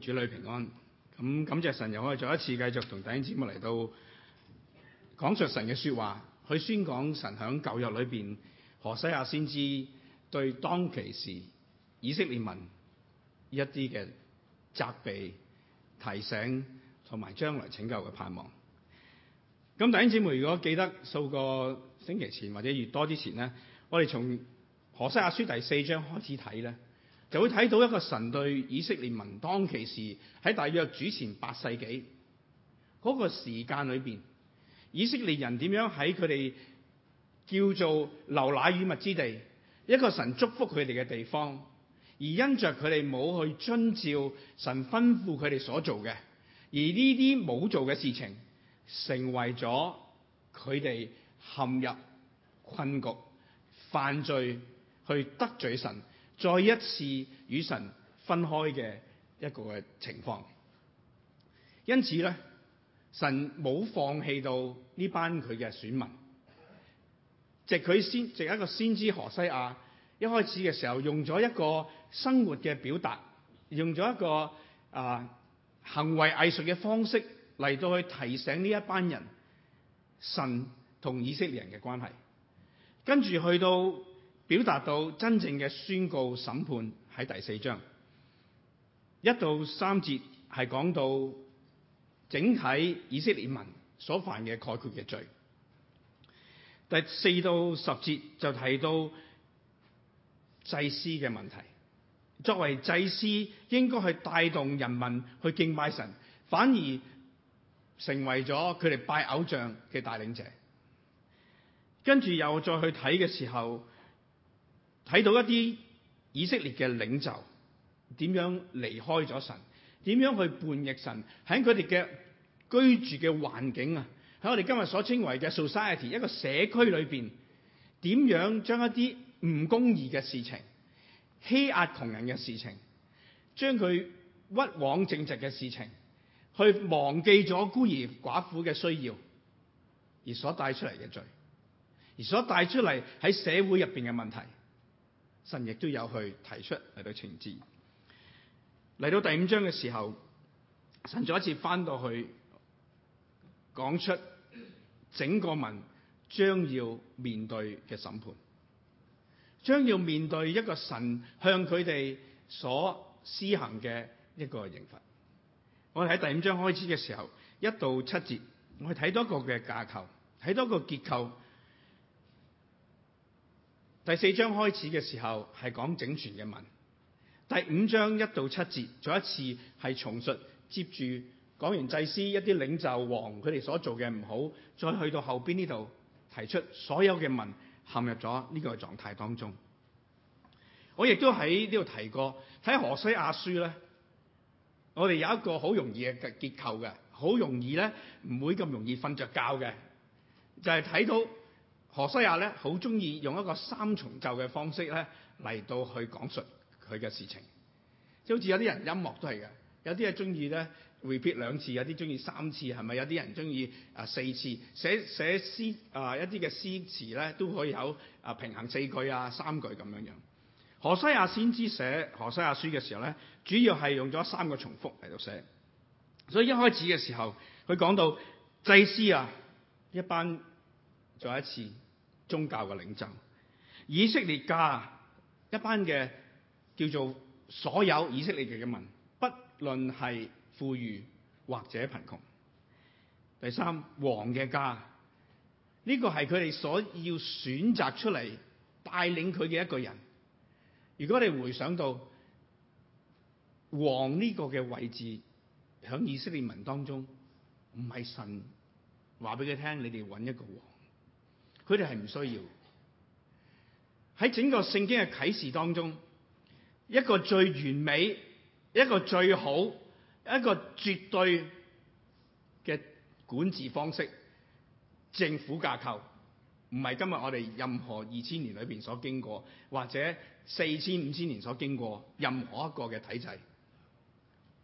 主女平安，咁感謝神又可以再一次繼續同弟兄姐妹嚟到講著神嘅說話，去宣講神響舊約裏面，何西阿先知對當其時以色列民一啲嘅責備、提醒同埋將來拯救嘅盼望。咁弟兄姐妹，如果記得數個星期前或者月多之前呢，我哋從何西阿書第四章開始睇咧。就會睇到一個神對以色列民當其時喺大約主前八世紀，嗰個時間裏邊，以色列人點樣喺佢哋叫做流奶與蜜之地一個神祝福佢哋嘅地方，而因着佢哋冇去遵照神吩咐佢哋所做嘅，而呢啲冇做嘅事情，成為咗佢哋陷入困局，犯罪、去得罪神。再一次與神分開嘅一個情況，因此咧，神冇放棄到呢班佢嘅選民藉佢，藉佢先藉一個先知何西阿，一開始嘅時候用咗一個生活嘅表達，用咗一個啊行為藝術嘅方式嚟到去提醒呢一班人神同以色列人嘅關係，跟住去到。表達到真正嘅宣告審判，喺第四章一到三節係講到整體以色列民所犯嘅概括嘅罪，第四到十節就提到祭司嘅問題。作為祭司應該去帶動人民去敬拜神，反而成為咗佢哋拜偶像嘅帶領者。跟住又再去睇嘅時候。睇到一啲以色列嘅領袖點樣離開咗神，點樣去叛逆神，喺佢哋嘅居住嘅環境啊，喺我哋今日所稱為嘅 society 一個社區裏邊，點樣將一啲唔公義嘅事情、欺壓窮人嘅事情、將佢屈枉正直嘅事情，去忘記咗孤兒寡婦嘅需要，而所帶出嚟嘅罪，而所帶出嚟喺社會入邊嘅問題。神亦都有去提出嚟到懲治，嚟到第五章嘅時候，神再一次翻到去講出整個民將要面對嘅審判，將要面對一個神向佢哋所施行嘅一個刑罰。我哋喺第五章開始嘅時候，一到七節，我哋睇多個嘅架構，睇多個結構。第四章開始嘅時候係講整全嘅文，第五章一到七節再一次係重述，接住講完祭司一啲領袖王佢哋所做嘅唔好，再去到後邊呢度提出所有嘅文陷入咗呢個狀態當中。我亦都喺呢度提過，睇何西亞書咧，我哋有一個好容易嘅結構嘅，好容易咧唔會咁容易瞓着覺嘅，就係、是、睇到。何西阿咧好中意用一個三重奏嘅方式咧嚟到去講述佢嘅事情，即好似有啲人音樂都係嘅，有啲係中意咧 repeat 兩次，有啲中意三次，係咪有啲人中意啊四次？寫寫詩啊一啲嘅詩詞咧都可以有啊平衡四句啊三句咁樣樣。何西阿先知寫何西阿書嘅時候咧，主要係用咗三個重複嚟到寫，所以一開始嘅時候佢講到祭司啊一班。再一次宗教嘅領袖，以色列家一班嘅，叫做所有以色列嘅民，不論係富裕或者貧窮。第三王嘅家呢個係佢哋所要選擇出嚟帶領佢嘅一個人。如果你回想到王呢個嘅位置響以色列民當中，唔係神話俾佢聽，你哋搵一個王。佢哋係唔需要喺，整個聖經嘅啟示當中，一個最完美、一個最好、一個絕對嘅管治方式、政府架構，唔係今日我哋任何二千年裏邊所經過，或者四千五千年所經過任何一個嘅體制。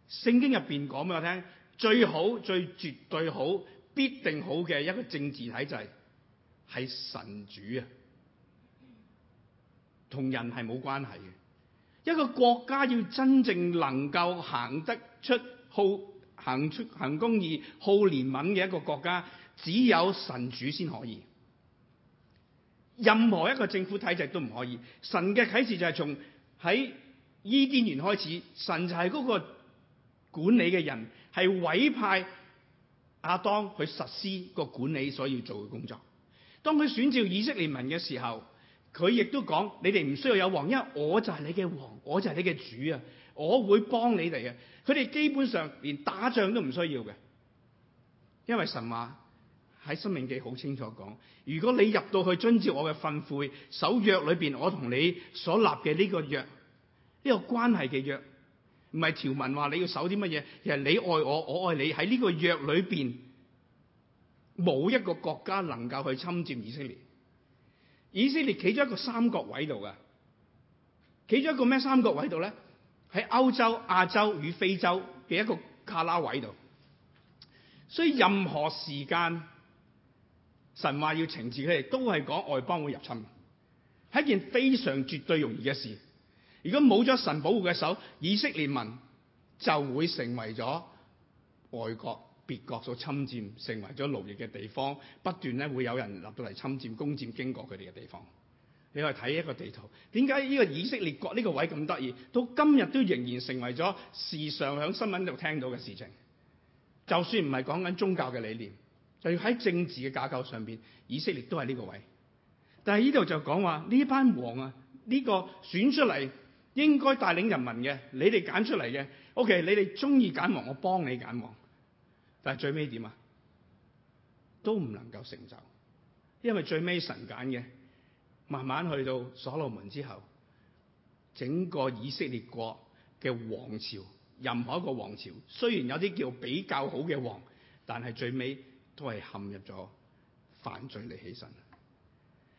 聖經入邊講俾我聽，最好、最絕對好、必定好嘅一個政治體制。係神主啊，同人係冇關係嘅。一個國家要真正能夠行得出好，行出行公義、好憐憫，嘅一個國家，只有神主先可以。任何一個政府體制都唔可以。神嘅啟示就係從喺伊甸園開始，神就係嗰個管理嘅人，係委派亞當去實施個管理所要做嘅工作。當佢選召以色列民嘅時候，佢亦都講：你哋唔需要有王，因為我就係你嘅王，我就係你嘅主啊！我會幫你哋啊！佢哋基本上連打仗都唔需要嘅，因為神話喺申命記好清楚講：如果你入到去遵照我嘅訓誨，守約裏邊，我同你所立嘅呢個約，呢、呢個關係嘅約，唔係條文話你要守啲乜嘢，其實你愛我，我愛你喺呢個約裏邊。冇一個國家能夠去侵佔以色列，以色列企咗一個三角位度嘅，企咗一個咩三角位度咧？喺歐洲、亞洲與非洲嘅一個卡拉位度，所以任何時間，神話要懲治佢哋，都係講外邦會入侵，係一件非常絕對容易嘅事。如果冇咗神保護嘅手，以色列民就會成為咗外國別國所侵佔，成為咗奴役嘅地方，不斷咧會有人入到嚟侵佔、攻佔經過佢哋嘅地方。你去睇一個地圖，點解呢個以色列國呢個位咁得意？到今日都仍然成為咗時常喺新聞度聽到嘅事情。就算唔係講緊宗教嘅理念，就要喺政治嘅架構上邊，以色列都係呢個位。但係呢度就講話呢班王啊，呢、呢個選出嚟應該帶領人民嘅，你哋揀出嚟嘅，OK，你哋中意揀王，我幫你揀王。但係最尾點啊？都唔能夠成就，因為最尾神揀嘅，慢慢去到所羅門之後，整個以色列國嘅王朝，任何一個王朝，雖然有啲叫比較好嘅王，但係最尾都係陷入咗犯罪離棄神。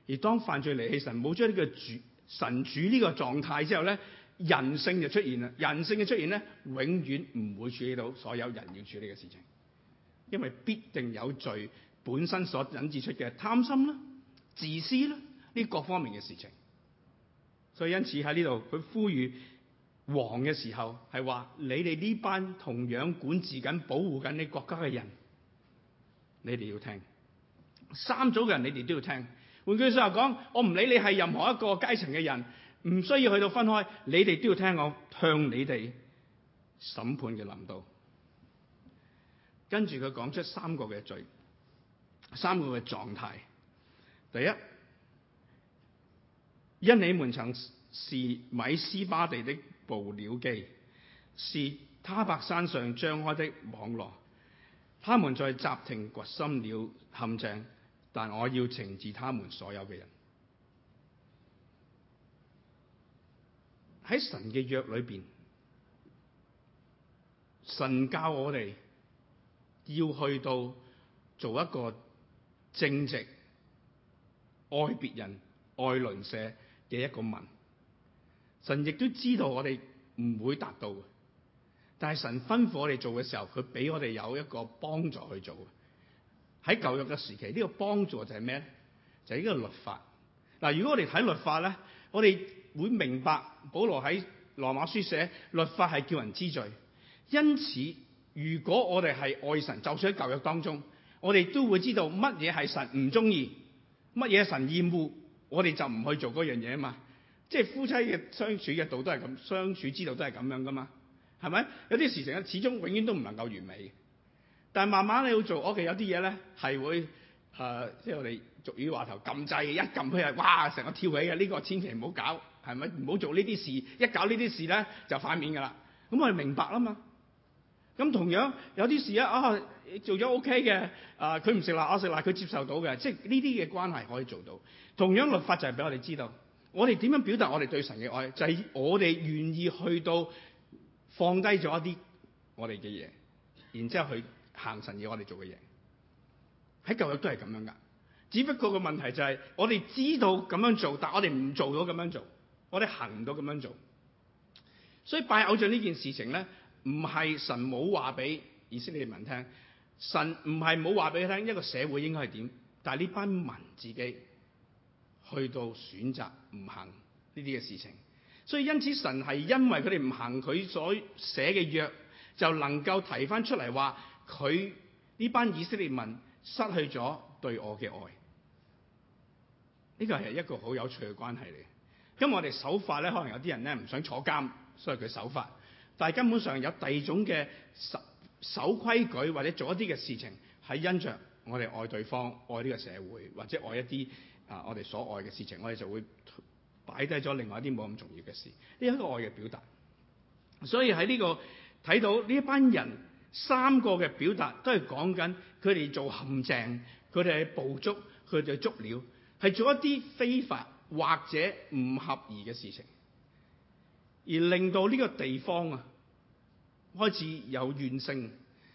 而當犯罪離棄神，冇咗呢個主神主呢個狀態之後咧，人性就出現啦。人性嘅出現咧，永遠唔會處理到所有人要處理嘅事情。因為必定有罪，本身所引致出嘅貪心啦、自私啦，呢各方面嘅事情。所以因此喺呢度，佢呼籲王嘅時候係話，你哋呢班同樣管治緊、保護緊你國家嘅人，你哋要聽三組嘅人，你哋都要聽。換句話說，話說，講我唔理你係任何一個階層嘅人，唔需要去到分開，你哋都要聽我向你哋審判嘅臨到。跟住佢講出三個嘅罪，三個嘅狀態。第一，因你們曾是米斯巴地的捕鳥機，是他泊山上張開的網羅，他們在集亭掘深了陷阱，但我要懲治他們所有嘅人。喺神嘅約裏面，神教我哋。要去到做一個正直、愛別人、愛鄰舍嘅一個民。神亦都知道我哋唔會達到嘅，但係神吩咐我哋做嘅時候，佢俾我哋有一個幫助去做。喺舊約嘅時期，呢、這個幫助就係咩咧？就係、是、呢個律法。嗱，如果我哋睇律法咧，我哋會明白保羅喺羅馬書寫律法係叫人知罪，因此。如果我哋係愛神，就算喺舊約當中，我哋都會知道乜嘢係神唔中意，乜嘢神厭惡，我哋就唔去做嗰樣嘢啊嘛。即係夫妻嘅相處嘅度都係咁，相處之道都係咁樣噶嘛。係咪？有啲事情咧，始終永遠都唔能夠完美。但係慢慢你要做，我哋有啲嘢咧係會誒、呃，即係我哋俗語話頭撳掣，一撳佢係哇，成個跳起嘅呢、呢個，千祈唔好搞，係咪？唔好做呢啲事，一搞呢啲呢啲事咧就反面噶啦。咁我哋明白啦嘛。咁同樣有啲事咧，啊做咗 OK 嘅，啊佢唔食辣，我食辣，佢接受到嘅，即係呢啲嘅關係可以做到。同樣律法就係俾我哋知道，我哋點樣表達我哋對神嘅愛，就係、是、我哋願意去到放低咗一啲我哋嘅嘢，然之後去行神要我哋做嘅嘢。喺舊日都係咁樣噶，只不過個問題就係、是、我哋知道咁樣做，但我哋唔做到咁樣做，我哋行唔到咁樣做。所以拜偶像呢件事情咧。唔係神冇話俾以色列民聽，神唔係冇話俾佢聽一個社會應該係點，但係呢班民自己去到選擇唔行呢啲嘅事情，所以因此神係因為佢哋唔行佢所寫嘅約，就能夠提翻出嚟話佢呢班以色列民失去咗對我嘅愛，呢個係一個好有趣嘅關係嚟。咁我哋守法咧，可能有啲人咧唔想坐監，所以佢守法。但係根本上有第二種嘅守守規矩，或者做一啲嘅事情，係因着我哋愛對方，愛呢個社會，或者愛一啲啊我哋所愛嘅事情，我哋就會擺低咗另外一啲冇咁重要嘅事。呢一個愛嘅表達。所以喺呢個睇到呢一班人三個嘅表達都係講緊佢哋做陷阱，佢哋係捕捉，佢哋捉料，係做一啲非法或者唔合意嘅事情。而令到呢個地方啊開始有怨聲，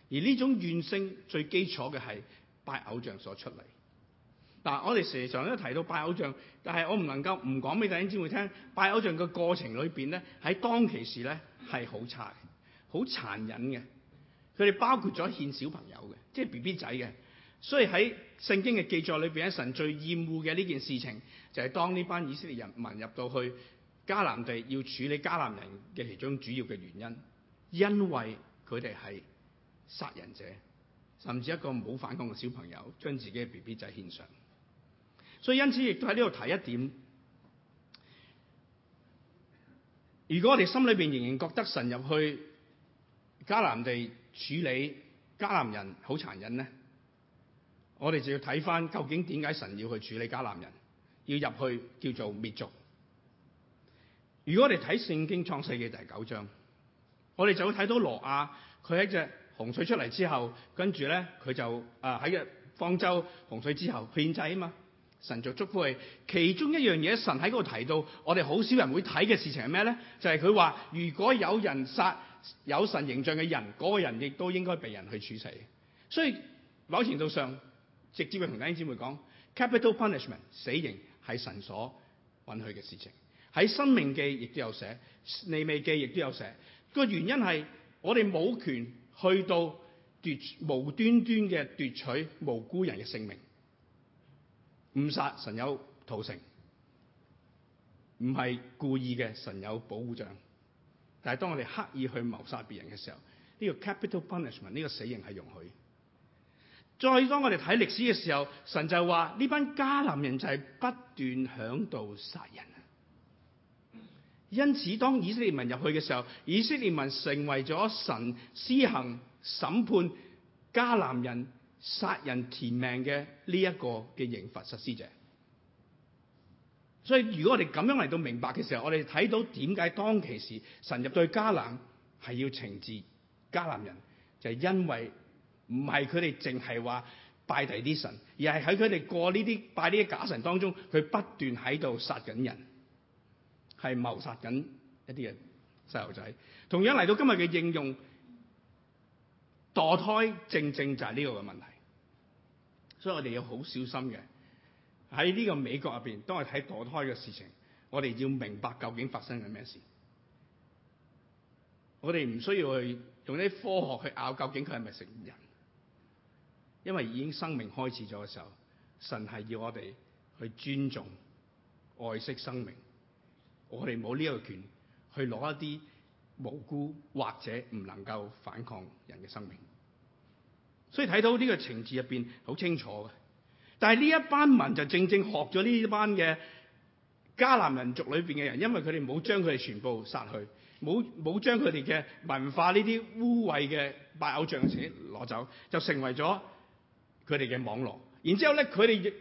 而呢種怨聲最基礎嘅係拜偶像所出嚟。嗱，我哋時常都提到拜偶像，但係我唔能夠唔講俾弟兄姊妹聽，拜偶像嘅過程裏邊咧，喺當其時咧係好差、好殘忍嘅。佢哋包括咗獻小朋友嘅，即係 B B 仔嘅。所以喺聖經嘅記載裏邊，神最厭惡嘅呢件事情就係、是、當呢班以色列人民入到去。迦南地要處理迦南人嘅其中主要嘅原因，因為佢哋係殺人者，甚至一個冇反抗嘅小朋友將自己嘅 BB 仔獻上，所以因此亦都喺呢度提一點，如果我哋心裏邊仍然覺得神入去迦南地處理迦南人好殘忍咧，我哋就要睇返究竟點解神要去處理迦南人，要入去叫做滅族。如果我哋睇《聖經創世記》第九章，我哋就會睇到挪亞佢一隻洪水出嚟之後，跟住咧佢就誒喺個方舟洪水之後獻祭啊嘛，神就祝福佢。其中一樣嘢，神喺嗰度提到，我哋好少人會睇嘅事情係咩咧？就係佢話，如果有人殺有神形象嘅人，嗰個人亦都應該被人去處死。所以某程度上，直接會同弟兄姊妹講，capital punishment 死刑係神所允許嘅事情。喺《生命記》亦都有寫，《利未記》亦都有寫。個原因係我哋冇權去到奪無端端嘅奪取無辜人嘅性命，誤殺神有屠城，唔係故意嘅神有保護障。但係當我哋刻意去謀殺別人嘅時候，呢、這個 capital punishment 呢個死刑係容許。再當我哋睇歷史嘅時候，神就話呢班迦南人就係不斷響度殺人。因此，當以色列民入去嘅時候，以色列民成為咗神施行審判迦南人殺人填命嘅呢一個嘅刑罰實施者。所以，如果我哋咁樣嚟到明白嘅時候，我哋睇到點解當其時神入對迦南係要懲治迦南人，就係因為唔係佢哋淨係話拜第啲神，而係喺佢哋過呢啲拜呢啲假神當中，佢不斷喺度殺緊人。係謀殺緊一啲嘅細路仔，同樣嚟到今日嘅應用墮胎，正正就係呢個嘅問題。所以我哋要好小心嘅，喺呢個美國入邊，當係睇墮胎嘅事情，我哋要明白究竟發生緊咩事。我哋唔需要去用啲科學去拗究竟佢係咪成人，因為已經生命開始咗嘅時候，神係要我哋去尊重、愛惜生命。我哋冇呢一個權去攞一啲無辜或者唔能夠反抗人嘅生命，所以睇到呢個情節入邊好清楚嘅。但係呢一班民就正正學咗呢一班嘅迦南人族裏邊嘅人，因為佢哋冇將佢哋全部殺去，冇冇將佢哋嘅文化呢啲污穢嘅拜偶像嘅嘢攞走，就成為咗佢哋嘅網羅。然之後咧，佢哋亦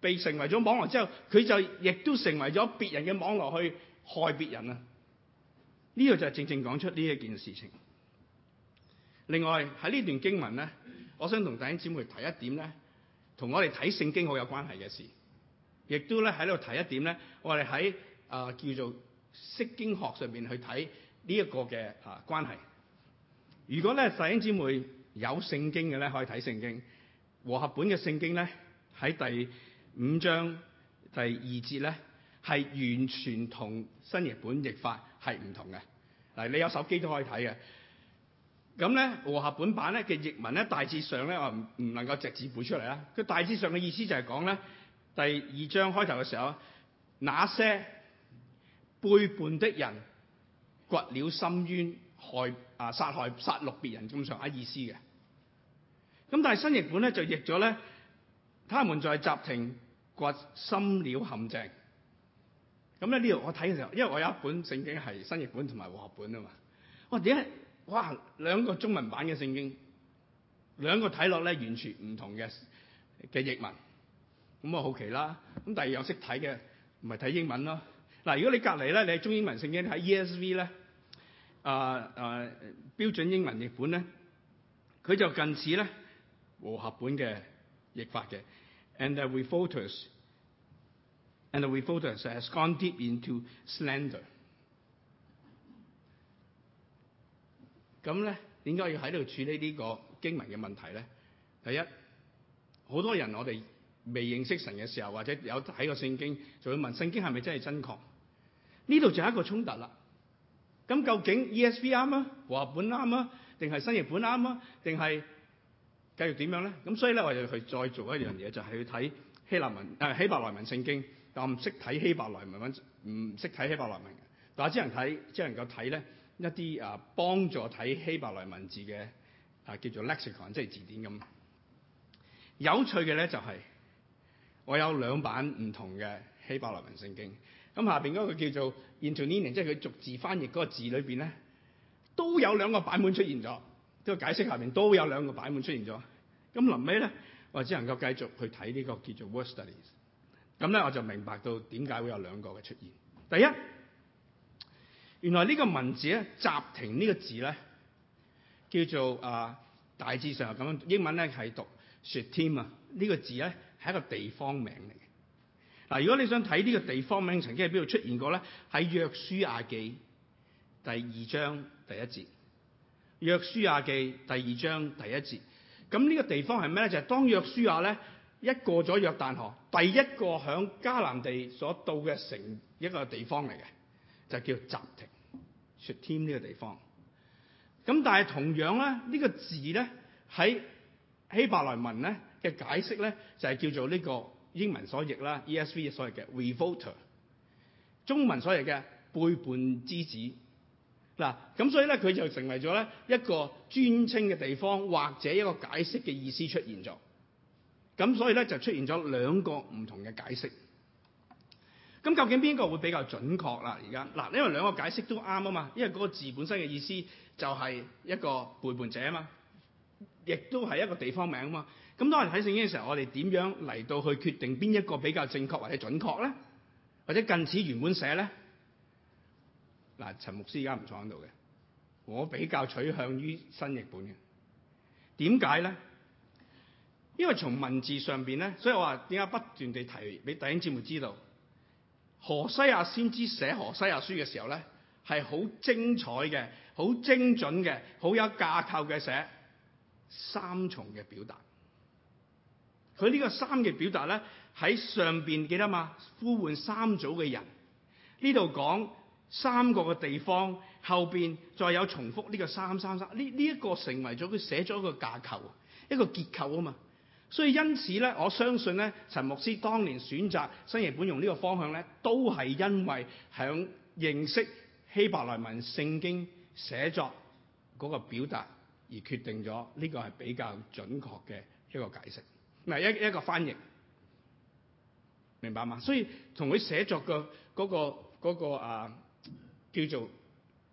被成為咗網羅之後，佢就亦都成為咗別人嘅網羅去。害別人啊！呢個就係正正講出呢一件事情。另外喺呢段經文咧，我想同弟兄姊妹提一點咧，同我哋睇聖經好有關係嘅事，亦都咧喺呢度提一點咧，我哋喺、啊、叫做釋經學上面去睇呢一個嘅啊關係。如果咧，弟兄姊妹有聖經嘅咧，可以睇聖經和合本嘅聖經咧，喺第五章第二節咧。係完全跟新譯本法是不同，新譯本譯法係唔同嘅。嗱，你有手機都可以睇嘅。咁咧和合本版咧嘅譯文咧大致上咧，我唔唔能夠直接背出嚟啦。佢大致上嘅意思就係講咧第二章開頭嘅時候，那些背叛的人掘了深淵害啊殺害殺戮別人咁上下意思嘅。咁但係新譯譯本咧就譯咗咧，他們在什亭掘深了陷阱。咁咧呢度我睇嘅時候，因為我有一本聖經係新譯本同埋和合本啊嘛，我點解？哇，兩個中文版嘅聖經，兩個睇落咧完全唔同嘅嘅譯文，咁我好奇啦。咁第二有識睇嘅，唔係睇英文咯。嗱，如果你隔離咧，你係中英文聖經睇 ESV 咧、啊，啊啊標準英文譯本咧，佢就近似咧和合本嘅譯法嘅。And we focus. And the revolters have gone deep into slander。咁咧，點解要喺度處理呢個經文嘅問題咧？第一，好多人我哋未認識神嘅時候，或者有睇過聖經，就會問聖經係咪真係真確？呢度就係一個衝突啦。咁究竟 ESV 啱啊，和合本啱啊，定係新譯本啱啊，定係繼續點樣咧？咁所以咧，我哋去再做一樣嘢，就係、是、去睇希臘文、誒、啊、希伯來文聖經。我唔識睇希伯來文文，唔識睇希伯來文但係只能睇，只能夠睇咧一啲啊幫助睇希伯來文,文字嘅啊叫做 Lexicon 即係字典咁。有趣嘅咧就係、是、我有兩版唔同嘅希伯來文聖經，咁下邊嗰個叫做 introducing，e 即係佢逐字翻譯嗰個字裏邊咧都有兩個版本出現咗，即、這、係、個、解釋下邊都有兩個版本出現咗。咁臨尾咧我只能夠繼續去睇呢個叫做 Word Studies。咁咧，我就明白到點解會有兩個嘅出現。第一，原來呢個文字咧，暫停呢個字咧，叫做啊、呃，大致上係咁樣。英文咧係讀雪添啊。呢、這個字咧係一個地方名嚟嘅。嗱，如果你想睇呢個地方名曾經喺邊度出現過咧，喺約書亞記第二章第一節。約書亞記第二章第一節。咁呢個地方係咩咧？就係、是、當約書亞咧。一過咗約旦河，第一個喺迦南地所到嘅城一個地方嚟嘅，就叫集亭、雪添呢個地方。咁但係同樣咧，呢、呢個字咧喺希伯來文咧嘅解釋咧，就係叫做呢個英文所譯啦，ESV 所謂嘅 revolter 中文所嘅背叛之子。嗱咁所以咧，佢就成為咗咧一個專稱嘅地方，或者一個解釋嘅意思出現咗。咁所以咧就出現咗兩個唔同嘅解釋。咁究竟邊個會比較準確啦？而家嗱，因為兩個解釋都啱啊嘛，因為個字本身嘅意思就係一個背叛者啊嘛，亦都係一個地方名啊嘛。咁當我哋睇聖經嘅時候，我哋點樣嚟到去決定邊一個比較正確或者準確咧，或者近似原本寫咧？嗱，陳牧師而家唔坐喺度嘅，我比較取向於新譯本嘅。點解咧？因為從文字上邊咧，所以我話點解不斷地提俾弟兄姊妹知道，何西阿先知寫何西阿書嘅時候咧，係好精彩嘅、好精準嘅、好有架構嘅寫三重嘅表達。佢呢個三嘅表達咧，喺上邊記得嘛？呼喚三組嘅人，呢度講三個嘅地方，後邊再有重複呢個三三三，呢呢一個成為咗佢寫咗一個架構，一個結構啊嘛。所以因此咧，我相信咧，陳牧師當年選擇新譯本用呢個方向咧，都係因為響認識希伯來文聖經寫作嗰個表達而決定咗，呢個係比較準確嘅一個解釋，嗱一一個翻譯，明白嗎？所以同佢寫作嘅、嗰個、嗰個啊叫做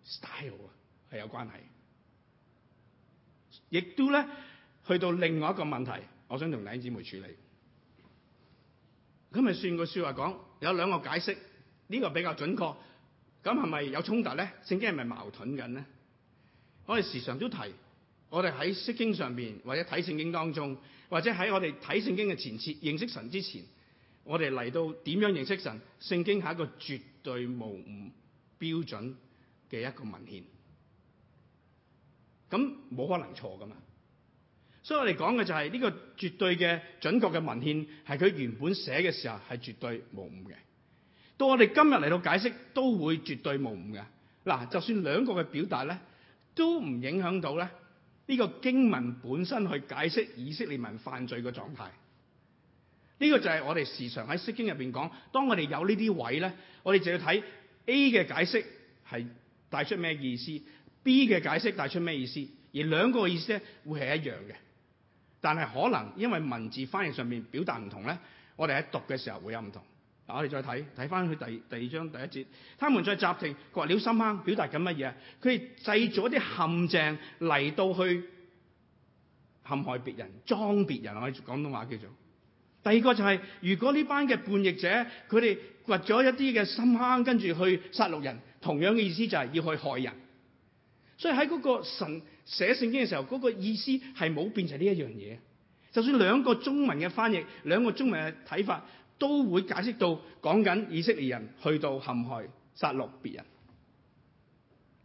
style 啊係有關係。亦都咧去到另外一個問題。我想同兩姊妹處理，咁咪算個説話講有兩個解釋，呢個比較準確。咁係咪有衝突咧？聖經係咪矛盾緊咧？我哋時常都提，我哋喺釋經上面，或者睇聖經當中，或者喺我哋睇聖經嘅前設認識神之前，我哋嚟到點樣認識神？聖經係一個絕對無誤標準嘅一個文獻，咁冇可能錯噶嘛。所以我哋講嘅就係呢個絕對嘅準確嘅文獻，係佢原本寫嘅時候係絕對無誤嘅。到我哋今日嚟到解釋，都會絕對無誤嘅。嗱，就算兩個嘅表達咧，都唔影響到咧呢個經文本身去解釋以色列民犯罪嘅狀態。呢個就係我哋時常喺釋經入邊講，當我哋有呢啲位咧，我哋就要睇 A 嘅解釋係帶出咩意思，B 嘅解釋帶出咩意思，而兩個嘅意思咧會係一樣嘅。但係可能因為文字翻譯上面表達唔同咧，我哋喺讀嘅時候會有唔同。嗱，我哋再睇睇翻佢第第二章第一節，他們在什亭掘了深坑表麼，表達緊乜嘢？佢哋製造一啲陷阱嚟到去陷害別人、裝別人，我哋廣東話叫做。第二個就係、是、如果呢班嘅叛逆者佢哋掘咗一啲嘅深坑，跟住去殺戮人，同樣嘅意思就係要去害人。所以喺嗰個神寫聖經嘅時候，嗰、那個意思係冇變成呢一樣嘢。就算兩個中文嘅翻譯，兩個中文嘅睇法，都會解釋到講緊以色列人去到陷害殺戮別人。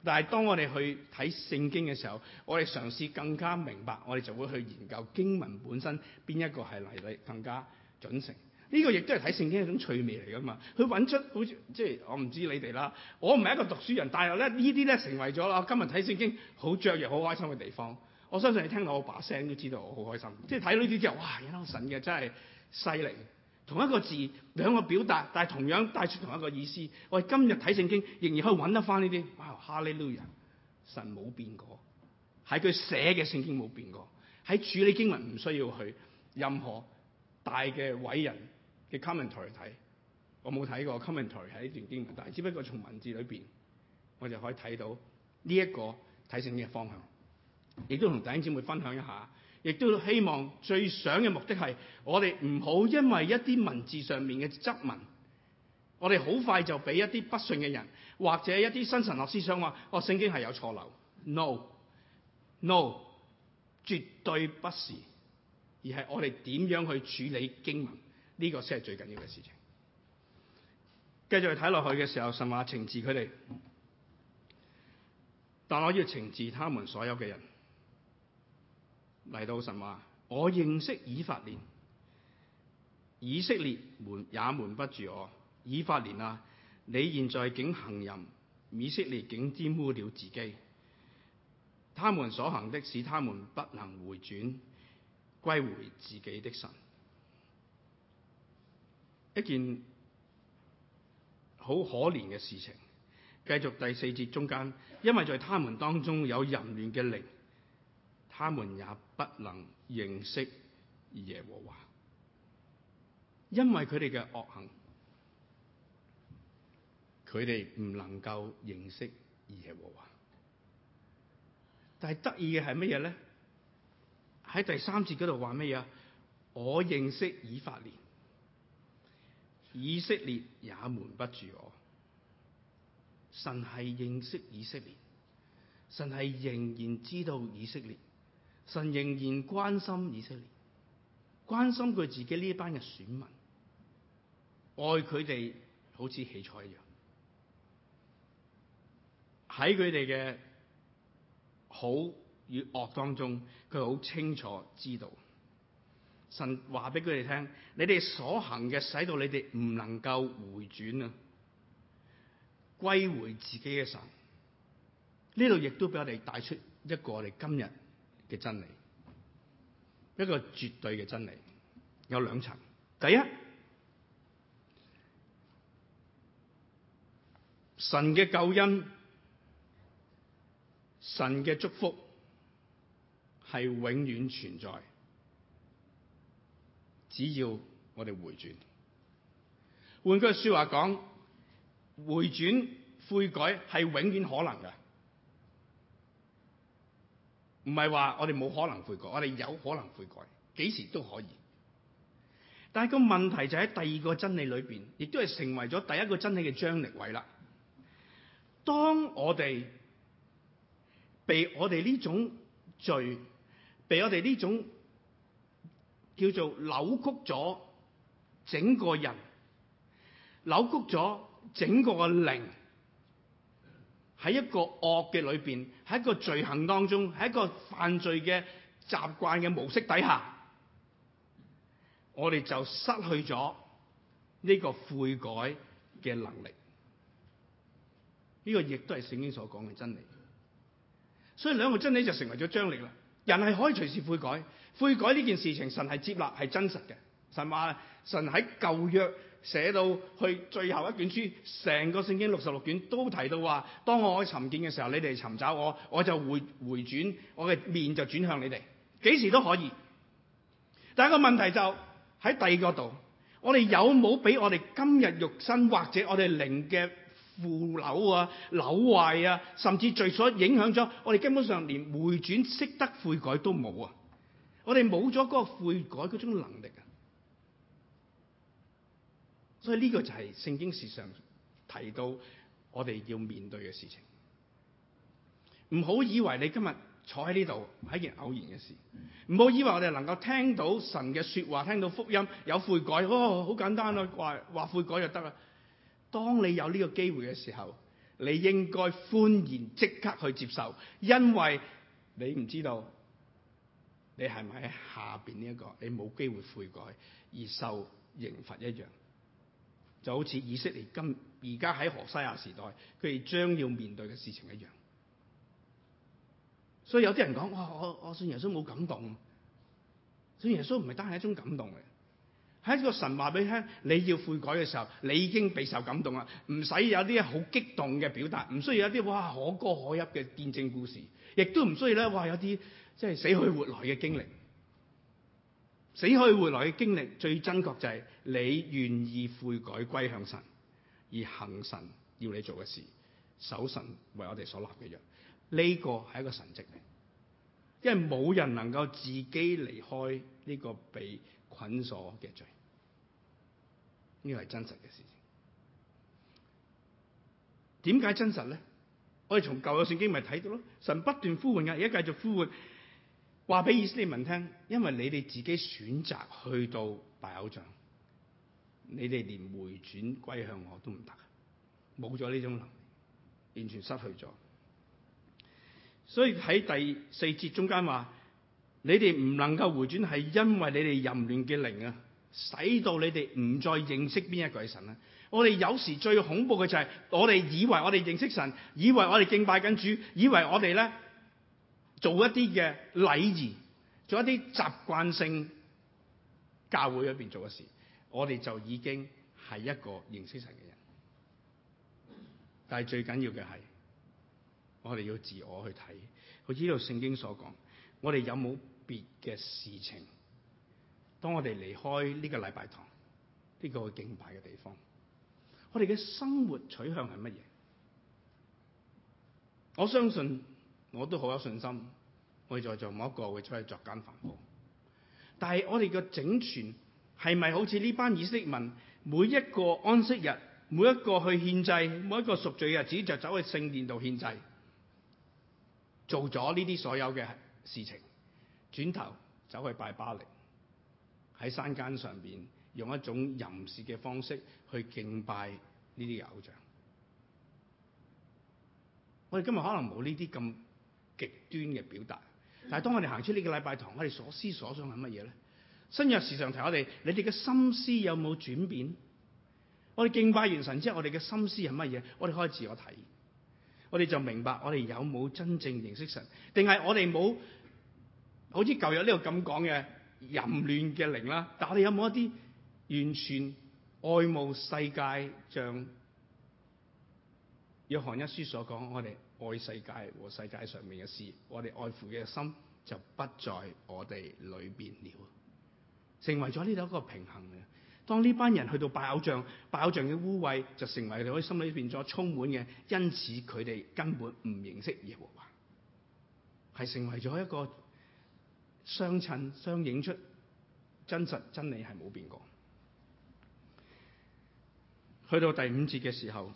但係當我哋去睇聖經嘅時候，我哋嘗試更加明白，我哋就會去研究經文本身邊一個係嚟，嚟更加準成。呢個亦都係睇聖經一種趣味嚟㗎嘛，佢揾出好似即係我唔知你哋啦，我唔係一個讀書人，但係咧呢啲咧成為咗啦今日睇聖經好雀躍、好開心嘅地方。我相信你聽到我把聲都知道我好開心。即係睇呢啲之後，哇！引得神嘅真係犀利，同一個字兩個表達，但係同樣帶出同一個意思。我哋今日睇聖經仍然可以揾得翻呢啲。哇！哈利路亞，神冇變過，喺佢寫嘅聖經冇變過。喺處理經文唔需要去任何大嘅偉人嘅 commentary 睇，我冇睇過 commentary 喺呢段經文，但係只不過從文字裏邊，我就可以睇到呢一個睇聖經嘅方向。亦都同弟兄姊妹分享一下，亦都希望最想嘅目的係，我哋唔好因為一啲文字上面嘅質問，我哋好快就俾一啲不信嘅人或者一啲新神學思想話：我聖經係有錯漏。No，no，no，絕對不是，而係我哋點樣去處理經文。呢個先係最緊要嘅事情。繼續睇落去嘅時候，神話懲治佢哋，但我要懲治他們所有嘅人。嚟到神話，我認識以法蓮，以色列瞞也瞞不住我。以法蓮啊，你現在竟行淫，以色列竟玷污了自己。他們所行的，使他們不能回轉，歸回自己的神。一件好可憐嘅事情。繼續第四節中間，因為在他們當中有淫亂嘅靈，他們也不能認識耶和華，因為佢哋嘅惡行，佢哋唔能夠認識耶和華。但係得意嘅係乜嘢咧？喺第三節度話乜嘢啊？我認識以法蓮。以色列也瞞不住我，神係認識以色列，神係仍然知道以色列，神仍然關心以色列，關心佢自己呢一班嘅選民，愛佢哋好似起初一樣，喺佢哋嘅好與惡當中，佢好清楚知道。神話俾佢哋聽，你哋所行嘅，使到你哋唔能夠回轉啊，歸回自己嘅神。呢度亦都俾我哋帶出一個我哋今日嘅真理，一個絕對嘅真理。有兩層，第一，神嘅救恩、神嘅祝福係永遠存在。只要我哋回轉，換句話說話講，回轉悔改係永遠可能嘅，唔係話我哋冇可能悔改，我哋有可能悔改，幾時都可以。但係個問題就喺第二個真理裏邊，亦都係成為咗第一個真理嘅張力位啦。當我哋被我哋呢種罪，被我哋呢種。叫做扭曲咗整個人，扭曲咗整個嘅靈，喺一個惡嘅裏邊，喺一個罪行當中，喺一個犯罪嘅習慣嘅模式底下，我哋就失去咗呢個悔改嘅能力。呢個亦都係聖經所講嘅真理。所以兩個真理就成為咗張力啦。人係可以隨時悔改。悔改呢件事情，神係接納係真實嘅。神話，神喺舊約寫到去最後一卷書，成個聖經六十六卷都提到話：當我可以尋見嘅時候，你哋尋找我，我就回回轉，我嘅面就轉向你哋。幾時都可以。但一個問題就喺、是、第二個度，我哋有冇俾我哋今日肉身或者我哋靈嘅腐朽啊、朽壞啊，甚至最所影響咗我哋，基本上連回轉、識得悔改都冇啊？我哋冇咗嗰個悔改嗰種能力啊，所以呢個就係聖經時常提到我哋要面對嘅事情。唔好以為你今日坐喺呢度係一件偶然嘅事，唔好以為我哋能夠聽到神嘅說話，聽到福音有悔改，哦，好簡單啊，話話悔改就得啦。當你有呢個機會嘅時候，你應該歡然即刻去接受，因為你唔知道。你係咪喺下邊呢一個？你冇機會悔改而受刑罰一樣，就好似以色列今而家喺何西阿時代，佢哋將要面對嘅事情一樣。所以有啲人講，哇！我我，我信耶穌冇感動，信耶穌唔係單係一種感動嘅，係一個神話俾你聽。你要悔改嘅時候，你已經備受感動啊！唔使有啲好激動嘅表達，唔需要有啲哇可歌可泣嘅見證故事，亦都唔需要咧哇有啲。即係死去活來嘅經歷，死去活來嘅經歷最真確就係你願意悔改歸向神，而行神要你做嘅事，守神為我哋所立嘅約，呢個係一個神蹟嚟，因為冇人能夠自己離開呢個被捆鎖嘅罪，呢個係真實嘅事情。點解真實咧？我哋從舊有聖經咪睇到咯，神不斷呼喚嘅，而家繼續呼喚。話俾以色列民聽，因為你哋自己選擇去到拜偶像，你哋連回轉歸向我都唔得，冇咗呢種能力，完全失去咗。所以喺第四節中間話，你哋唔能夠回轉，係因為你哋淫亂嘅靈啊，使到你哋唔再認識邊一個係神啊！我哋有時最恐怖嘅就係、是，我哋以為我哋認識神，以為我哋敬拜緊主，以為我哋咧。做一啲嘅禮儀，做一啲習慣性教會入邊做嘅事，我哋就已經係一個認識神嘅人。但係最緊要嘅係，我哋要自我去睇。好似呢度聖經所講，我哋有冇別嘅事情？當我哋離開呢個禮拜堂，呢個敬拜嘅地方，我哋嘅生活取向係乜嘢？我相信。我都好有信心，我哋在座冇一個會出去作奸犯科。但係我哋嘅整船係咪好似呢班以色列民每一個安息日，每一個去獻祭，每一個贖罪嘅日子，就走去聖殿度獻祭，做咗呢啲所有嘅事情，轉頭走去拜巴力，喺山間上邊用一種淫褻嘅方式去敬拜呢啲偶像。我哋今日可能冇呢啲咁極端嘅表達，但係當我哋行出呢個禮拜堂，我哋所思所想係乜嘢咧？新約時常提我哋，你哋嘅心思有冇轉變？我哋敬拜完神之後，我哋嘅心思係乜嘢？我哋可以自我睇，我哋就明白我哋有冇真正認識神，定係我哋冇好似舊日呢個咁講嘅淫亂嘅靈啦？但係我哋有冇一啲完全愛慕世界像，像約翰一書所講，我哋？愛世界和世界上面嘅事，我哋愛父嘅心就不在我哋裏邊了，成為咗呢度一個平衡嘅。當呢班人去到拜偶像，拜偶像嘅污穢就成為佢哋心裏邊所充滿嘅，因此佢哋根本唔認識耶和華，係成為咗一個相襯、相映出真實真理係冇變過。去到第五節嘅時候。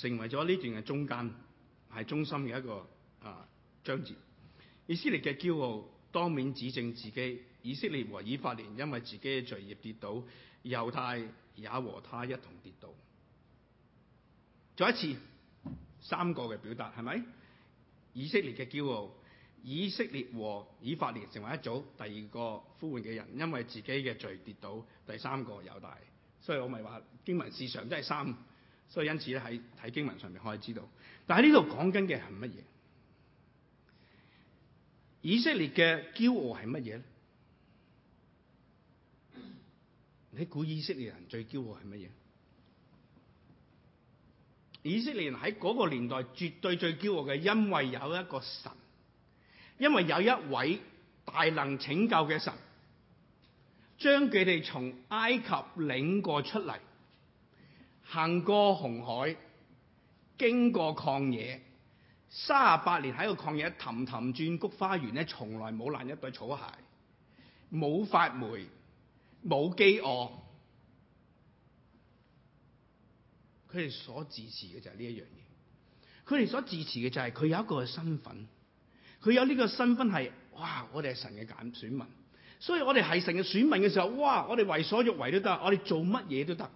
成為咗呢段嘅中間，係中心嘅一個啊章節。以色列嘅驕傲當面指證自己，以色列和以法蓮因為自己嘅罪孽跌倒，猶太也和他一同跌倒。再一次，三個嘅表達係咪？以色列嘅驕傲，以色列和以法蓮成為一組，第二個呼喚嘅人因為自己嘅罪跌倒，第三個猶大，所以我咪話經文時常都係三。所以因此咧喺睇經文上面可以知道，但喺呢度講緊嘅係乜嘢？以色列嘅驕傲係乜嘢咧？你估以色列人最驕傲係乜嘢？以色列人喺嗰個年代絕對最驕傲嘅，因為有一個神，因為有一位大能拯救嘅神，將佢哋從埃及領過出嚟。行過紅海，經過曠野，三十八年喺個曠野，氹氹轉菊花園咧，從來冇爛一對草鞋，冇發霉，冇饑餓。佢哋所自持嘅就係呢一樣嘢，佢哋所自持嘅就係佢有一個身份，佢有呢個身份係哇，我哋係神嘅揀選民，所以我哋係神嘅選民嘅時候，哇，我哋為所欲為都得，我哋做乜嘢都得。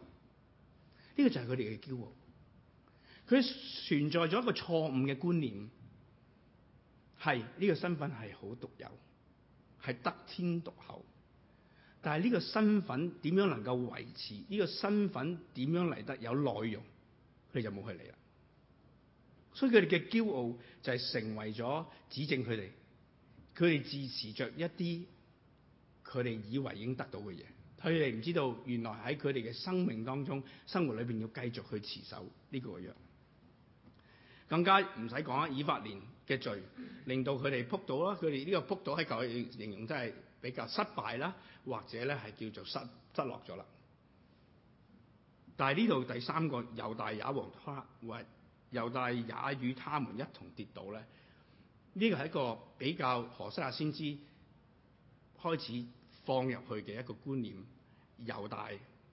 呢個就係佢哋嘅驕傲，佢存在咗一個錯誤嘅觀念，係呢個身份係好獨有，係得天獨厚。但係呢個身份點樣能夠維持？呢個身份點樣嚟得有內容？佢哋就冇去理啦。所以佢哋嘅驕傲就係成為咗指證佢哋，佢哋自持着一啲佢哋以為已經得到嘅嘢。佢哋唔知道，原來喺佢哋嘅生命當中、生活裏面要繼續去持守呢個約，更加唔使講啊！以法蓮嘅罪，令到佢哋仆倒啦。佢哋呢個仆倒喺舊嘅形容，真係比較失敗啦，或者咧係叫做失失落咗啦。但係呢度第三個猶大也王他或猶大也與他們一同跌倒咧，呢、這個係一個比較何西阿先知開始放入去嘅一個觀念，猶大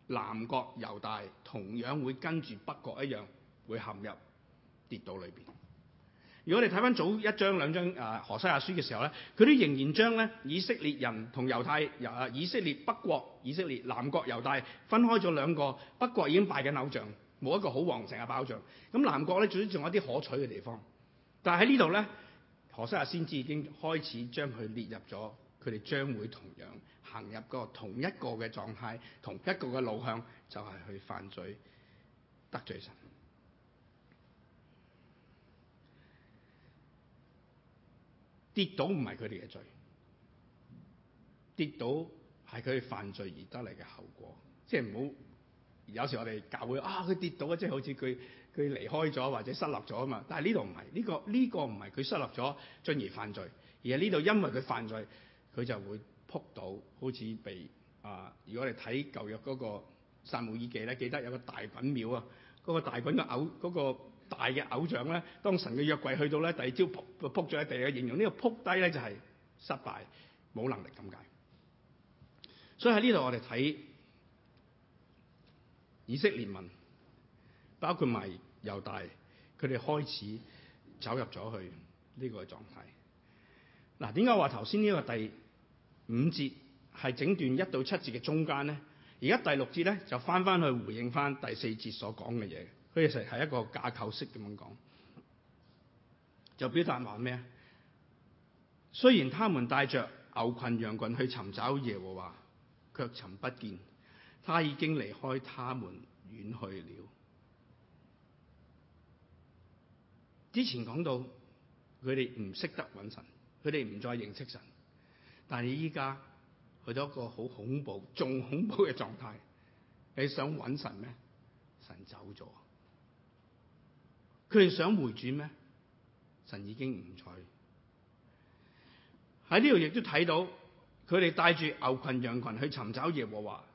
南國猶大同樣會跟住北國一樣，會陷入跌倒裏邊。如果你睇翻早一章兩章啊，何西阿書嘅時候咧，佢都仍然將咧以色列人同猶太啊，以色列北國、以色列南國猶大分開咗兩個，北國已經拜緊偶像，冇一個好旺盛嘅保障。咁南國咧，總之仲有一啲可取嘅地方。但係喺呢度咧，何西阿先知已經開始將佢列入咗。佢哋將會同樣行入個同一個嘅狀態，同一個嘅路向，就係去犯罪得罪神。跌倒唔係佢哋嘅罪，跌倒係佢哋犯罪而得嚟嘅後果。即係唔好有時我哋教會啊，佢跌倒啊，即係好似佢佢離開咗或者失落咗啊嘛。但係呢度唔係，呢個呢個唔係佢失落咗進而犯罪，而係呢度因為佢犯罪。佢就會撲到，好似被啊！如果我哋睇舊約嗰個撒母耳記咧，記得有個大袞廟啊，嗰、那個大袞嘅偶嗰、那個大嘅偶像咧，當神嘅約櫃去到咧，第二朝撲就撲咗喺地嘅形容，呢個撲低咧就係失敗，冇能力咁解。所以喺呢度我哋睇以色列民，包括埋猶大，佢哋開始走入咗去呢個狀態。嗱、啊，點解話頭先呢個第五節係整段一到七節嘅中間咧，而家第六節咧就返返去回應返第四節所講嘅嘢，佢其實係一個架構式咁樣講，就表達話咩？雖然他們帶著牛羣羊羣去尋找耶和華，卻尋不見，他已經離開他們遠去了。之前講到佢哋唔識得搵神，佢哋唔再認識神。但你依家去到一個好恐怖、仲恐怖嘅狀態，你想揾神咩？神走咗，佢哋想回轉咩？神已經唔在。喺呢度亦都睇到，佢哋帶住牛群、羊群去尋找耶和華。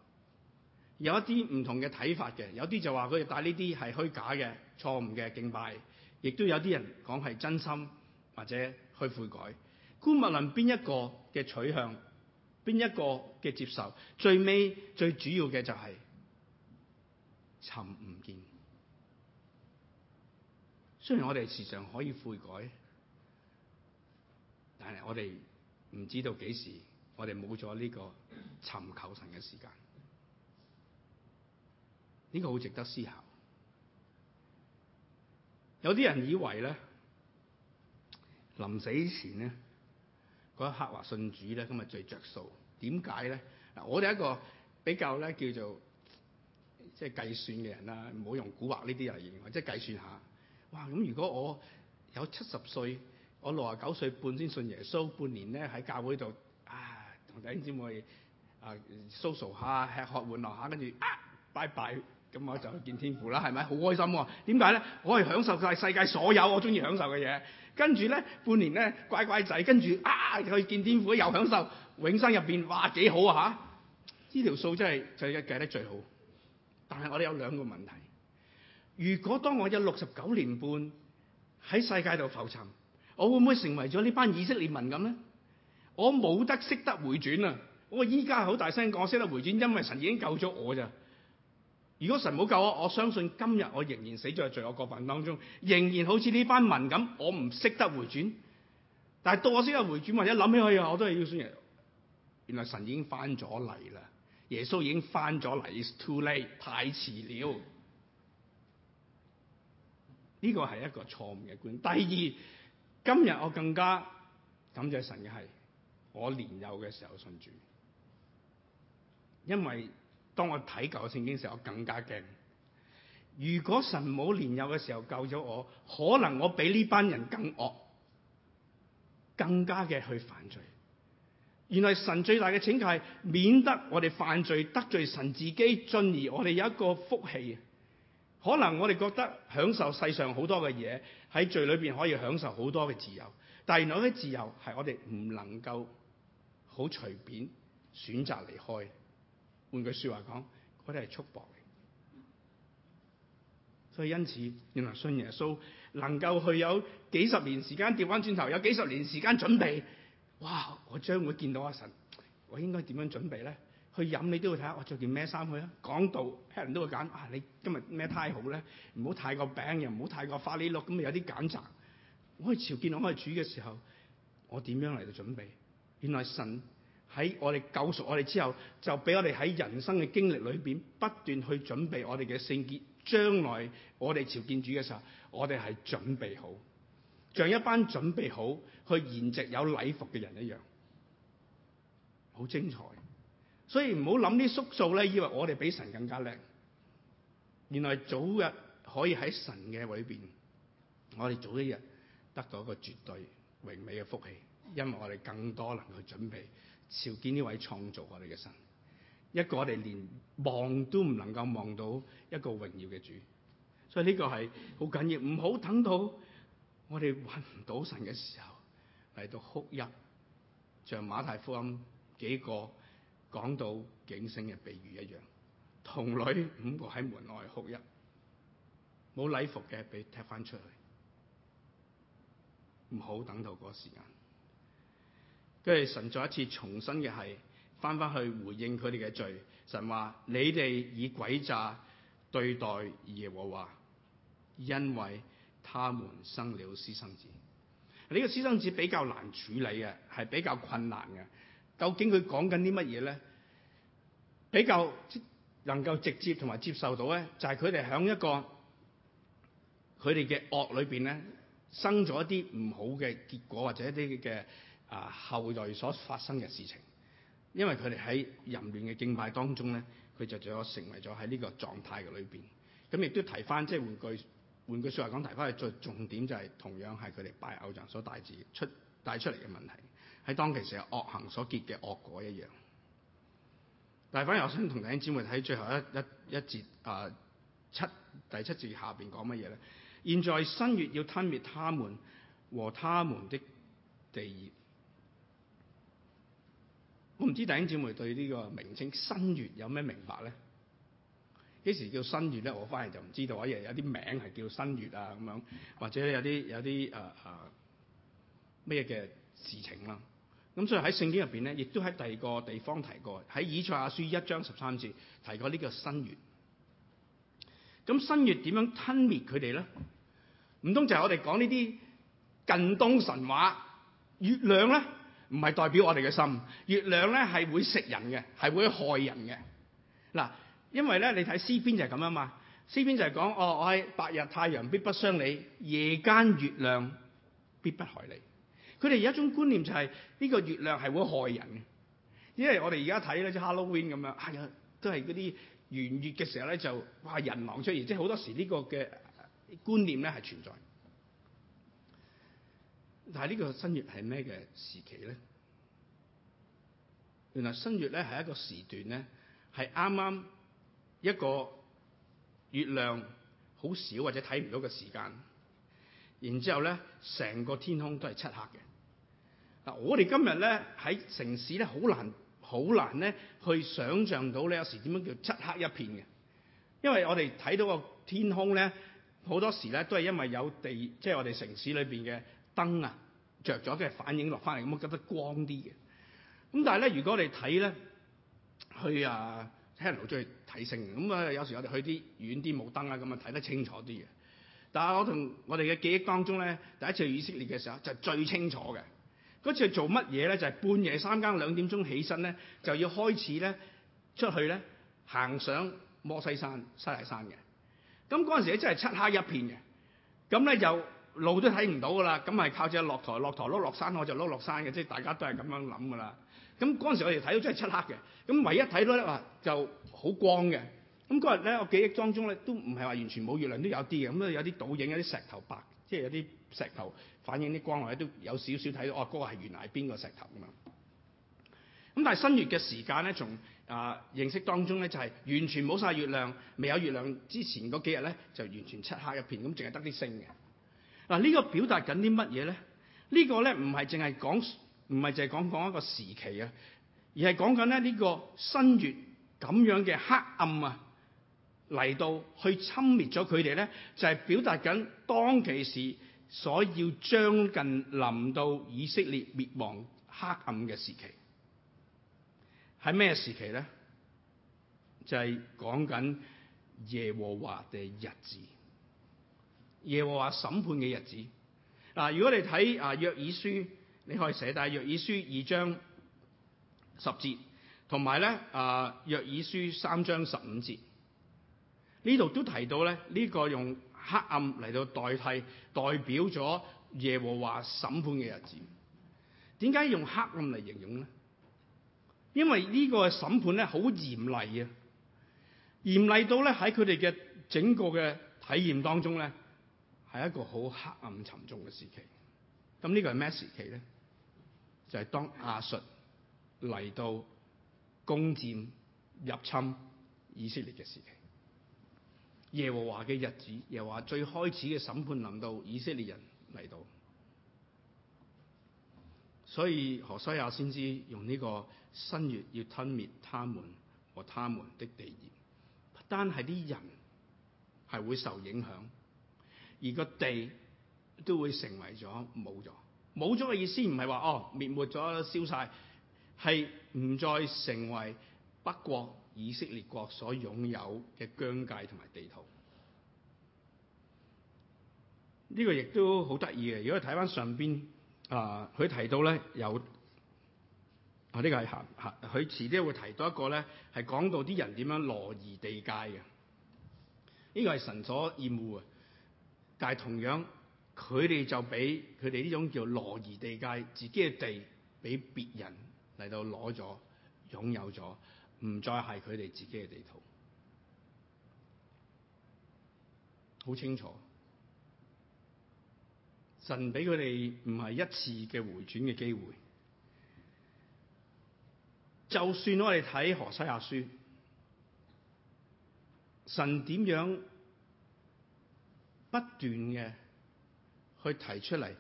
有一啲唔同嘅睇法嘅，有啲就話佢哋帶呢啲係虛假嘅、錯誤嘅敬拜，亦都有啲人講係真心或者去悔改。無論邊一個嘅取向，邊一個嘅接受，最尾最主要嘅就係尋唔見。雖然我哋時常可以悔改，但係我哋唔知道幾時我哋冇咗呢個尋求神嘅時間。呢個好值得思考。有啲人以為咧，臨死前咧。嗰一刻話信主咧，今日最着數。點解咧？嗱，我哋一個比較咧叫做即係計算嘅人啦，唔好用古惑呢啲嚟語言，即係計算一下。哇！咁如果我有七十歲，我六啊九歲半先信耶穌，半年咧喺教會度啊，同弟兄姊妹啊 social 一下，吃喝玩樂下，跟住啊，拜拜。咁我就去見天父啦，係咪？好開心喎，啊！點解咧？我係享受曬世界所有我中意享受嘅嘢。跟住咧，半年咧乖乖仔，跟住啊，又去見天父又享受永生入面。哇幾好啊！吓呢條數真係最計得最好。但係我哋有兩個問題：如果當我有六十九年半喺世界度浮沉，我會唔會成為咗呢班以色列民咁咧？我冇得識得回轉啊！我依家好大聲講識得回轉，因為神已經救咗我咋。如果神冇救我，我相信今日我仍然死在罪惡過犯當中，仍然好似呢班民咁，我唔識得回轉。但係到我識得回轉，或者一諗起佢我都係要信人。原來神已經翻咗嚟啦，耶穌已經翻咗嚟。It's too late，太遲了。呢個係一個錯誤嘅觀。第二，今日我更加感謝神嘅係，我年幼嘅時候信主，因為。當我睇舊嘅聖經時候，我更加驚。如果神冇年幼嘅時候救咗我，可能我比呢班人更惡，更加嘅去犯罪。原來神最大嘅拯救係免得我哋犯罪得罪神自己，進而我哋有一個福氣。可能我哋覺得享受世上好多嘅嘢，喺罪裏邊可以享受好多嘅自由，但係原來啲自由係我哋唔能夠好隨便選擇離開。換句話說話講，嗰啲係束縛嘅，所以因此原來信耶穌能夠去有幾十年時間調翻轉頭，有幾十年時間準備。哇！我將會見到阿神，我應該點樣準備咧？去飲你都會睇下，我着件咩衫去啊？講到客人都會揀啊！你今日咩 tie 好咧？唔好太過餅，又唔好太過花呢碌咁，有啲揀擇。我去朝見我去主嘅時候，我點樣嚟到準備？原來神。喺我哋救贖我哋之後，就俾我哋喺人生嘅經歷裏邊不斷去準備我哋嘅聖潔。將來我哋朝見主嘅時候，我哋係準備好，像一班準備好去筵席有禮服嘅人一樣，好精彩。所以唔好諗啲縮數咧，以為我哋比神更加叻。原來早日可以喺神嘅裏邊，我哋早一日得到一個絕對榮美嘅福氣，因為我哋更多能夠準備。朝見呢位創造我哋嘅神，一個我哋連望都唔能夠望到一個榮耀嘅主，所以呢個係好緊要，唔好等到我哋揾唔到神嘅時候嚟到哭泣，像馬太福音幾個講到警醒嘅比喻一樣，童女五個喺門外哭泣，冇禮服嘅畀踢翻出去，唔好等到嗰個時間。跟住神再一次重新嘅係翻翻去回應佢哋嘅罪，神話你哋以詭詐對待耶和華，因為他們生了私生子。呢個私生子比較難處理嘅，係比較困難嘅。究竟佢講緊啲乜嘢咧？比較能夠直接同埋接受到咧，就係佢哋響一個佢哋嘅惡裏邊咧，生咗一啲唔好嘅結果或者一啲嘅。啊！後來所發生嘅事情，因為佢哋喺淫亂嘅敬拜當中咧，佢就咗成為咗喺呢個狀態嘅裏邊。咁亦都提翻，即係換句換句説話講，提翻去最重點就係同樣係佢哋拜偶像所帶致出帶出嚟嘅問題，喺當其時嘅惡行所結嘅惡果一樣。但係反而我想同弟兄姊妹睇最後一一一節啊七第七節下邊講乜嘢咧？現在新月要吞滅他們和他們的地業我唔知弟兄姊妹對呢個名稱新月有咩明白咧？幾時叫新月咧？我反而就唔知道啊！有有啲名係叫新月啊咁樣，或者有啲有啲誒咩嘅事情啦、啊。咁所以喺聖經入面咧，亦都喺第二個地方提過，喺以賽亞書一章十三節提過呢個新月。咁新月點樣吞滅佢哋咧？唔通就係我哋講呢啲近東神話月亮咧？唔係代表我哋嘅心，月亮咧係會食人嘅，係會害人嘅。嗱，因為咧你睇《詩篇》就係咁樣嘛，《詩篇》就係講哦，我係白日太陽必不傷你，夜間月亮必不害你。佢哋有一種觀念就係呢個月亮係會害人嘅，因為我哋而家睇咧，即 Halloween 咁樣係啊，都係啲圓月嘅時候咧就哇人狼出現，即係好多時呢個嘅觀念咧係存在的。但係呢個新月係咩嘅時期咧？原來新月咧係一個時段咧，係啱啱一個月亮好少或者睇唔到嘅時間，然之後咧，成個天空都係漆黑嘅。嗱，我哋今日咧喺城市咧好難好難咧去想像到咧，有時點樣叫漆黑一片嘅，因為我哋睇到個天空咧好多時咧都係因為有地，即係我哋城市裏邊嘅。燈啊，着咗跟係反映落翻嚟，咁我覺得光啲嘅。咁但係咧，如果我哋睇咧，去啊，聽老張睇星，咁啊有時我哋去啲遠啲冇燈啊，咁啊睇得清楚啲嘅。但係我同我哋嘅記憶當中咧，第一次去以色列嘅時候就係、最清楚嘅。嗰次係做乜嘢咧？就係、是、半夜三更兩點鐘起身咧，就要開始咧出去咧行上摩西山、西乃山嘅。咁嗰陣時咧真係漆黑一片嘅。咁咧就。路都睇唔到噶啦，咁係靠住落台落台碌落山，我就碌落山嘅。即係大家都係咁樣諗噶啦。咁嗰陣時我哋睇到真係漆黑嘅。咁唯一睇到咧就好光嘅。咁嗰日咧，我記憶當中咧都唔係話完全冇月亮，都有啲嘅。咁有啲倒影，有啲石頭白，即係有啲石頭反映啲光或者都有少少睇到。哦，嗰個係原來係邊個石頭㗎嘛。咁但係新月嘅時間咧，從啊認識當中咧就係完全冇晒月亮，未有月亮之前嗰幾日咧就完全漆黑一片，咁淨係得啲星嘅。嗱、這、呢個表達緊啲乜嘢咧？呢、這個咧唔係淨係講，唔係淨係講講一個時期啊，而係講緊咧呢個新月咁樣嘅黑暗啊嚟到去侵滅咗佢哋咧，就係、是、表達緊當其時所要將近臨到以色列滅亡黑暗嘅時期。喺咩時期咧？就係講緊耶和華嘅日子。耶和華審判嘅日子嗱，如果你睇啊《約爾書》，你可以寫大《約爾書》二章十節，同埋咧啊《約爾書》三章十五節呢度都提到咧，呢個用黑暗嚟到代替，代表咗耶和華審判嘅日子。點解用黑暗嚟形容咧？因為呢個審判咧好嚴厲啊，嚴厲到咧喺佢哋嘅整個嘅體驗當中咧。係一個好黑暗沉重嘅時期，咁呢個係咩時期咧？就係、是、當亞述嚟到攻佔入侵以色列嘅時期，耶和華嘅日子，又話最開始嘅審判臨到以色列人嚟到，所以何西亞先知用呢個新月要吞滅他們和他們的地業，不單係啲人係會受影響。而個地都會成為咗冇咗，冇咗嘅意思，不是說，唔係話哦滅沒咗消晒，係唔再成為北國以色列國所擁有嘅疆界同埋地圖。呢、這個亦都好得意嘅。如果你睇翻上邊、呃、他啊，佢提到咧有啊，呢個係下佢遲啲會提到一個咧，係講到啲人點樣挪移地界嘅。呢、這個係神所厭惡啊！但係同樣，佢哋就俾佢哋呢種叫挪移地界，自己嘅地俾別人嚟到攞咗，擁有咗，唔再係佢哋自己嘅地圖。好清楚，神俾佢哋唔係一次嘅回轉嘅機會。就算我哋睇何西阿書，神點樣？不斷嘅去提出嚟，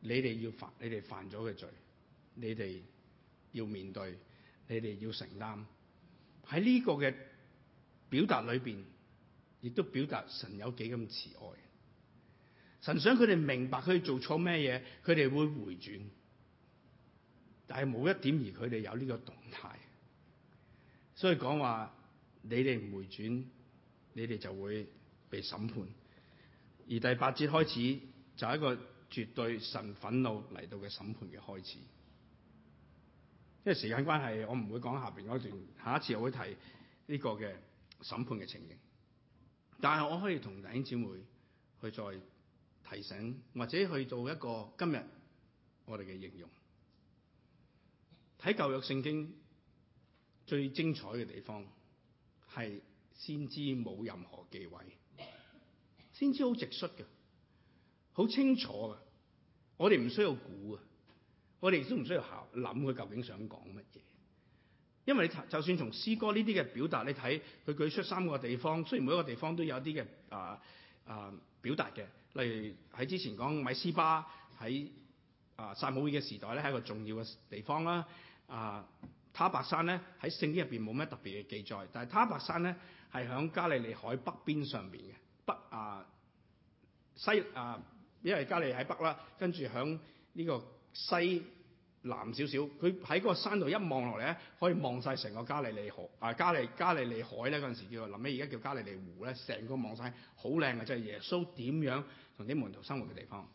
你哋要犯，你哋犯咗嘅罪，你哋要面對，你哋要承擔。喺呢個嘅表達裏邊，亦都表達神有幾咁慈愛。神想佢哋明白佢哋做錯咩嘢，佢哋會回轉。但係冇一點而佢哋有呢個動態，所以講話你哋唔回轉，你哋就會被審判。而第八節開始就係、是、一個絕對神憤怒嚟到嘅審判嘅開始，因為時間關係，我唔會講下面嗰段，下一次我會提呢個嘅審判嘅情形。但係我可以同弟兄姊妹去再提醒，或者去做一個今日我哋嘅應用。睇舊約聖經最精彩嘅地方係先知冇任何忌諱。先知好直率嘅，好清楚嘅。我哋唔需要估啊，我哋亦都唔需要考諗佢究竟想講乜嘢。因為就算從詩歌呢啲嘅表達，你睇佢舉出三個地方，雖然每一個地方都有啲嘅啊啊表達嘅，例如喺之前講米斯巴喺啊撒母耳嘅時代咧，係一個重要嘅地方啦。啊、呃，他泊山咧喺聖經入邊冇咩特別嘅記載，但係他泊山咧係響加利利海北邊上邊嘅北啊。呃西啊，因為加利喺北啦，跟住響呢個西南少少，佢喺嗰個山度一望落嚟咧，可以望晒成個加利利河啊，加利加利利海咧嗰陣時叫，臨尾而家叫加利利湖咧，成個望晒好靚嘅，就係、是、耶穌點樣同啲門徒生活嘅地方。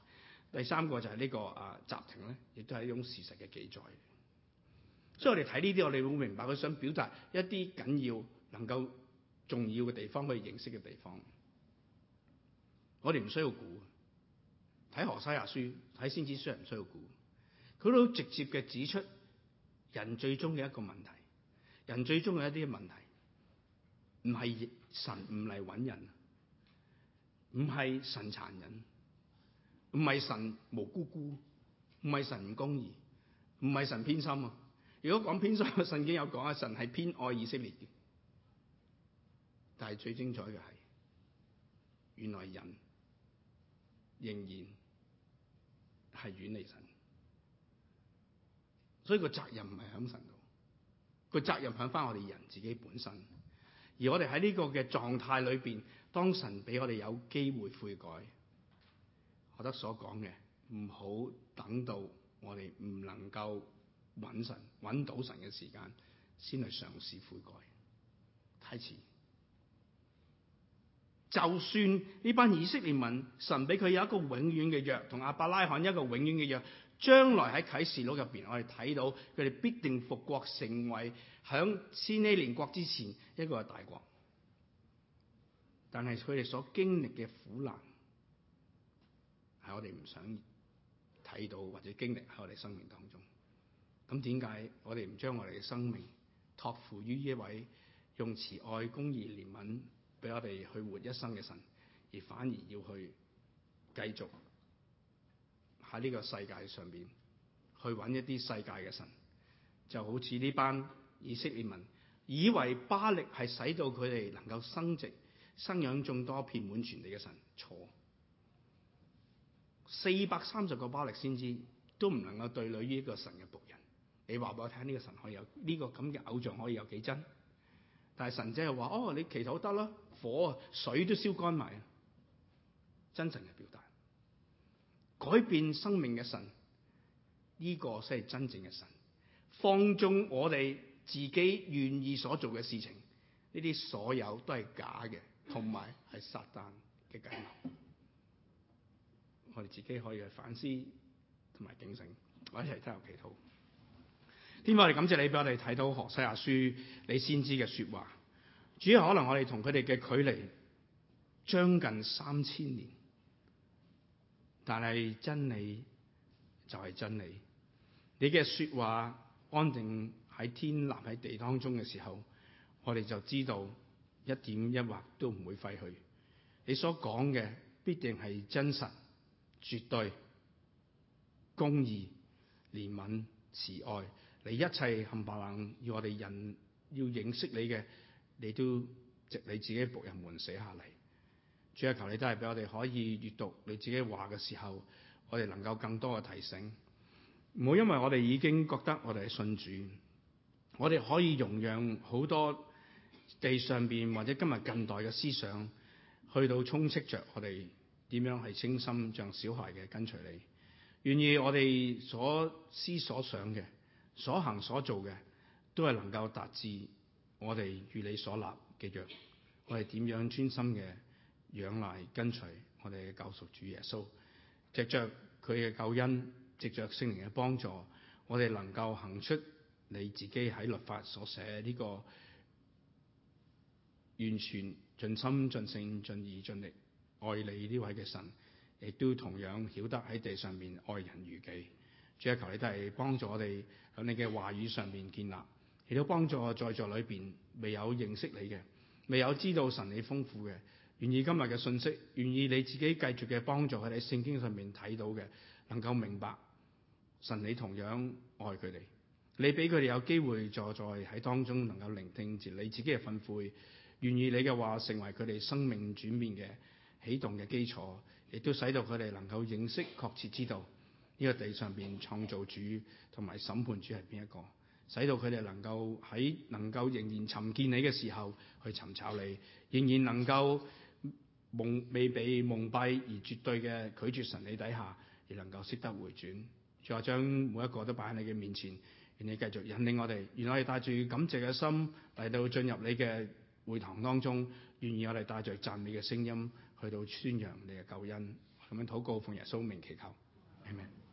第三個就係、這個啊、呢個啊集亭咧，亦都係一種事實嘅記載。所以我哋睇呢啲，我哋會明白佢想表達一啲緊要、能夠重要嘅地方去認識嘅地方。我哋唔需要估，睇《何西阿書》，睇《先知書》係唔需要估。佢都好直接嘅指出人最終嘅一個問題，人最終嘅一啲問題，唔係神唔嚟揾人，唔係神殘忍，唔係神無辜辜，唔係神唔公義，唔係神偏心。如果講偏心，聖經有講啊，神係偏愛以色列嘅。但係最精彩嘅係，原來人。仍然係遠離神，所以個責任唔係喺神度，個責任喺返我哋人自己本身。而我哋喺呢個嘅狀態裏邊，當神俾我哋有機會悔改，學得所講嘅，唔好等到我哋唔能夠揾神揾到神嘅時間，先去嘗試悔改，太遲。就算呢班以色列民，神俾佢有一個永遠嘅約，同亞伯拉罕一個永遠嘅約，將來喺啟示錄入邊，我哋睇到佢哋必定復國，成為響千禧年國之前一個大國。但係佢哋所經歷嘅苦難，係我哋唔想睇到或者經歷喺我哋生命當中。咁點解我哋唔將我哋嘅生命托付於呢一位用慈愛、公義、憐憫？我哋去活一生嘅神，而反而要去繼續喺呢個世界上邊去揾一啲世界嘅神，就好似呢班以色列民以為巴力係使到佢哋能夠生殖、生養眾多、遍滿全地嘅神，錯。四百三十個巴力先知都唔能夠對壘於一個神嘅僕人。你話俾我聽，呢個神可以有呢個咁嘅偶像可以有幾真？但係神姐係話：哦，你祈禱得啦，火水都燒乾埋，真神嘅表達，改變生命嘅神，呢個先係真正嘅神。放縱我哋自己願意所做嘅事情，呢啲所有都係假嘅，同埋係撒旦嘅計謀。我哋自己可以去反思，同埋警醒，我一齊加入祈禱。天父，我哋感謝你俾我哋睇到《何西阿書》，你先知嘅說話。主要可能我哋同佢哋嘅距離將近，近三千年，但係真理就係真理。你嘅說話安定喺天立喺地當中嘅時候，我哋就知道一點一畫都唔會廢去。你所講嘅必定係真實、絕對、公義、憐憫、慈愛。你一切冚唪唥，要我哋人要認識你嘅，你都藉你自己僕人們寫下嚟。主啊，求你都係俾我哋可以閱讀你自己話嘅時候，我哋能夠更多嘅提醒。唔好因為我哋已經覺得我哋係信主，我哋可以容讓好多地上邊或者今日近代嘅思想去到充斥着我哋點樣係清心像小孩嘅跟隨你。願意我哋所思所想嘅，所行所做嘅，都係能夠達至我哋與你所立嘅約。我哋點樣專心嘅仰賴跟隨我哋嘅救贖主耶穌，借着佢嘅救恩，借着聖靈嘅幫助，我哋能夠行出你自己喺律法所寫呢個完全盡心盡性盡意盡力愛你呢位嘅神，亦都同樣曉得喺地上面愛人如己。主啊，求你都係幫助我哋喺你嘅話語上面建立，亦都幫助在座裏邊未有認識你嘅，未有知道神你豐富嘅，願意今日嘅信息，願意你自己繼續嘅幫助佢哋喺聖經上面睇到嘅，能夠明白神你同樣愛佢哋，你俾佢哋有機會坐在喺當中，能夠聆聽住你自己嘅訓誨，願意你嘅話成為佢哋生命轉變嘅啟動嘅基礎，亦都使到佢哋能夠認識、確切知道。呢、這個地上邊創造主同埋審判主係邊一個？使到佢哋能夠喺能夠仍然尋見你嘅時候去尋找你，仍然能夠蒙未被蒙蔽而絕對嘅拒絕神理底下，而能夠識得回轉，最後將每一個都擺喺你嘅面前，願你繼續引領我哋。願我哋帶住感謝嘅心嚟到進入你嘅會堂當中，願意我哋帶着讚美嘅聲音去到宣揚你嘅救恩，咁樣禱告奉耶穌名祈求，阿門。